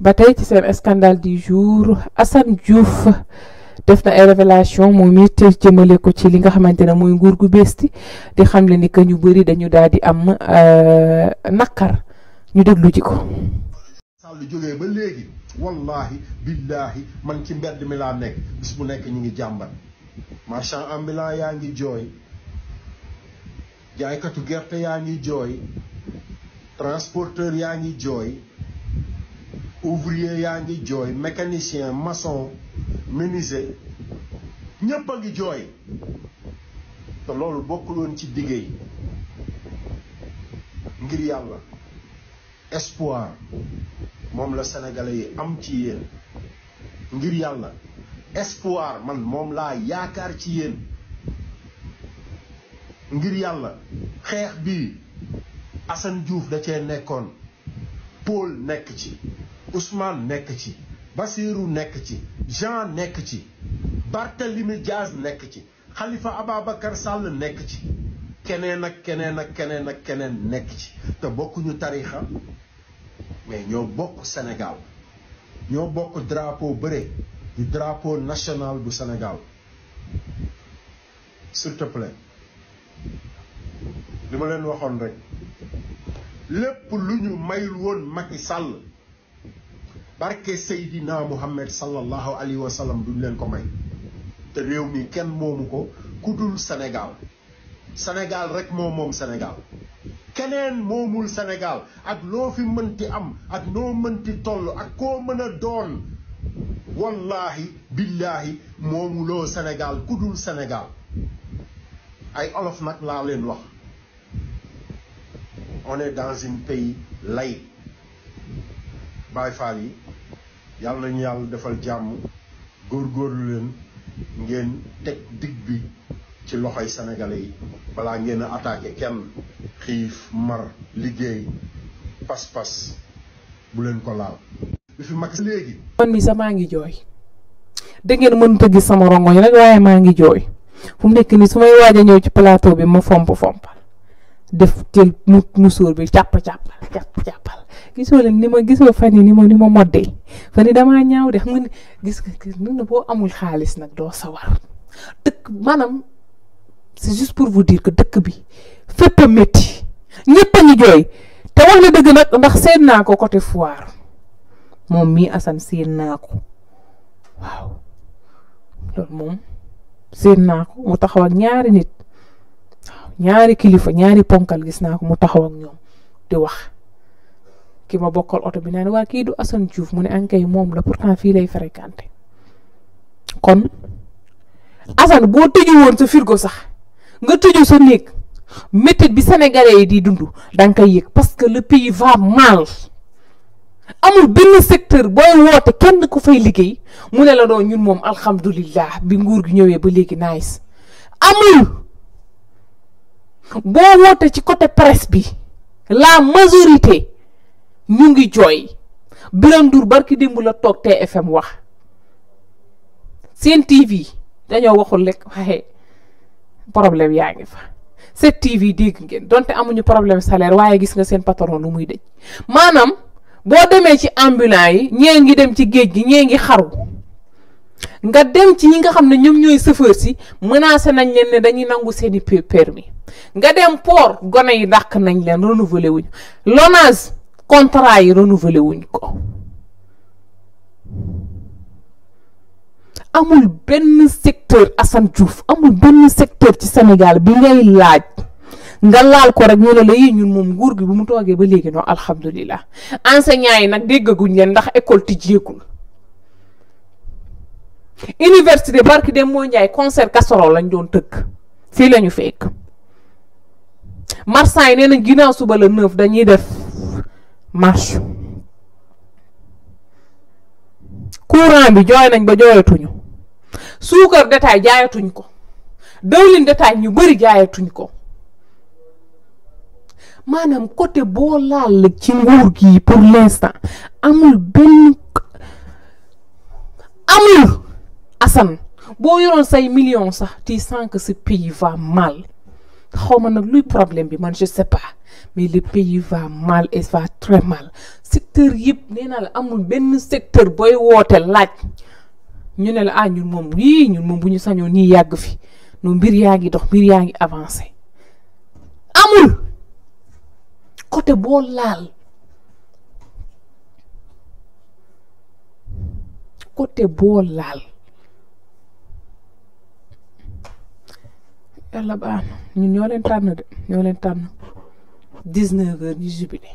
ba tey ci seen scandale du jour Assane Diouf def na ay révélation moom it jëmale ko ci li nga xamante ne mooy nguur gu beesti di xam le ni que ñu bëri dañu daal di am euh, naqar ñu deglu ji ko. sàll jógee ba léegi wallaahi billaahi man ci mbedd mi laa nekk bis bu nekk ñu ngi jàmbat. marchand ambulant yaa ngi jooy jaaykatu gerte yaa ngi jooy transporteur yaa ngi jooy ouvrier yaa ngi jooy mécanicien mason menuisier ñépp a ngi jooy te loolu bokk bokkuloon ci liggéey ngir yàlla espoir moom la sénégalais yi am ci yéen ngir yàlla espoir man moom laa yaakaar ci yéen ngir yàlla xeex bii Assane Diouf da cee nekkoon Paul nekk ci Ousmane nekk ci Basirou nekk ci Jean nekk ci Barthélemy Diaz nekk ci Khalifa Ababacar Sall nekk ci keneen ak keneen ak keneen ak keneen nekk ci te bokkuñu tarixa mais ñoo bokk Sénégal ñoo bokk drapeau bëre du drapeau national bu Sénégal s'il te plaît li ma leen waxoon rek lépp lu ñu mayul woon Macky Sall barke Seydina Muhammad sallallahu alayhi wa sallam duñ leen ko may te réew mi kenn moomu ko ku dul senegal Sénégal rek moo moom Sénégal keneen moomul Sénégal ak loo fi mënti am ak noo mënti toll ak koo mën a doon wallaahi billaahi moomu loo senegaal ku dul senegaal ay olof nag laa leen wax on est dans un pays laïque Baay Faal yi yàlla nañu yàlla defal jàmm góorgóorlu leen ngeen teg dig bi ci loxoy sénégalais yi balaa ngeen a attaqué kenn xiif mar liggéey pas-pas bu ko laal man mi sa maa ngi jooy da ngeen mënut gis sama rongoñ rek waaye maa ngi jooy fu mu nekk nii su may waaj a ñëw ci plateau bi ma fomp fompal def jël mu musóor bi càpp càppal càpp càppal gisoo leen ni ma gisoo fan yi ni ma ni ma moddee fan yi damaa ñaaw de xam nga gis gis nga boo amul xaalis nag doo sawar dëkk maanaam c'est juste pour vous dire que dëkk bi fépp a métti ñëpp a ngi jooy te wax na dëgg nag ndax seen naa ko coté foire. momi asan sienna aku, naa ko waaw loolu moom séen mu taxaw ak ñaari nit nyari ñaari kilifa ñaari ponkal gis nako mu taxaw ak ñom di wax ki ma bokkal auto bi nane wa ki du asan mu ne ankay mom la pourtant fi lay fréquenter kon asan bo tëju won sa firgo sax nga tëju sa nek métit bi sénégalais yi di dundu dang kay yek parce que le pays va mal. amul benn secteur booy woote kenn ku fay liggéey mu ne la doon ñun moom alhamdulillah bi nguur gi ñëwee ba léegi nice amul boo woote ci côté presse bi la majorité ñu ngi jooy Birame Ndour barki démb la toog TFM wax seen TV dañoo waxul lekk waxe problème yaa ngi fa set TV dégg ngeen donte amuñu problème salaire waaye gis nga seen patron lu muy dëj maanaam boo demee ci ambulants yi ñee ngi dem ci géej gi ñee ngi xaru nga dem ci ñi nga xam ne ñoom ñooy chauffeur si menacé nañ leen ne dañuy nangu seeni permis nga dem port gone yi dàq nañ leen renouvelé wuñ lonage contrat yi renouvelé wuñ ko amul benn secteur Assane Diouf amul benn secteur ci Sénégal bi ngay laaj nga laal ko rek ñu ne la yii ñun moom nguur gi bu mu toogee ba léegi noonu alhamdulilah enseignants yi nag déggaguñ leen ndax école tijjeekul université barki dem moo njaay concert casserole lañ doon tëgg fii lañu fekk marchand yi nee nañ ginnaaw suba la neuf dañuy def marche courant bi jooy nañ ba jooyatuñu suukar détail jaayatuñ ko dawlin détail ñu bëri jaayatuñ ko manam côté bo laal ci nguur pour l'instant amul Ben, amul Assane bo yoroon say millions sax tu sens que ce pays va mal xawma ne problème je sais pas mais le pays va mal et va très mal secteur yëpp amul Ben, secteur boy water laaj ñu ne la ah ñun mom wi ñun Nous buñu sañoo fi no mbir amul côté bool laal côté boo laal yàlla baax na ñun ñoo de ñoo leen tànn dix-neuf heures ñu jubilé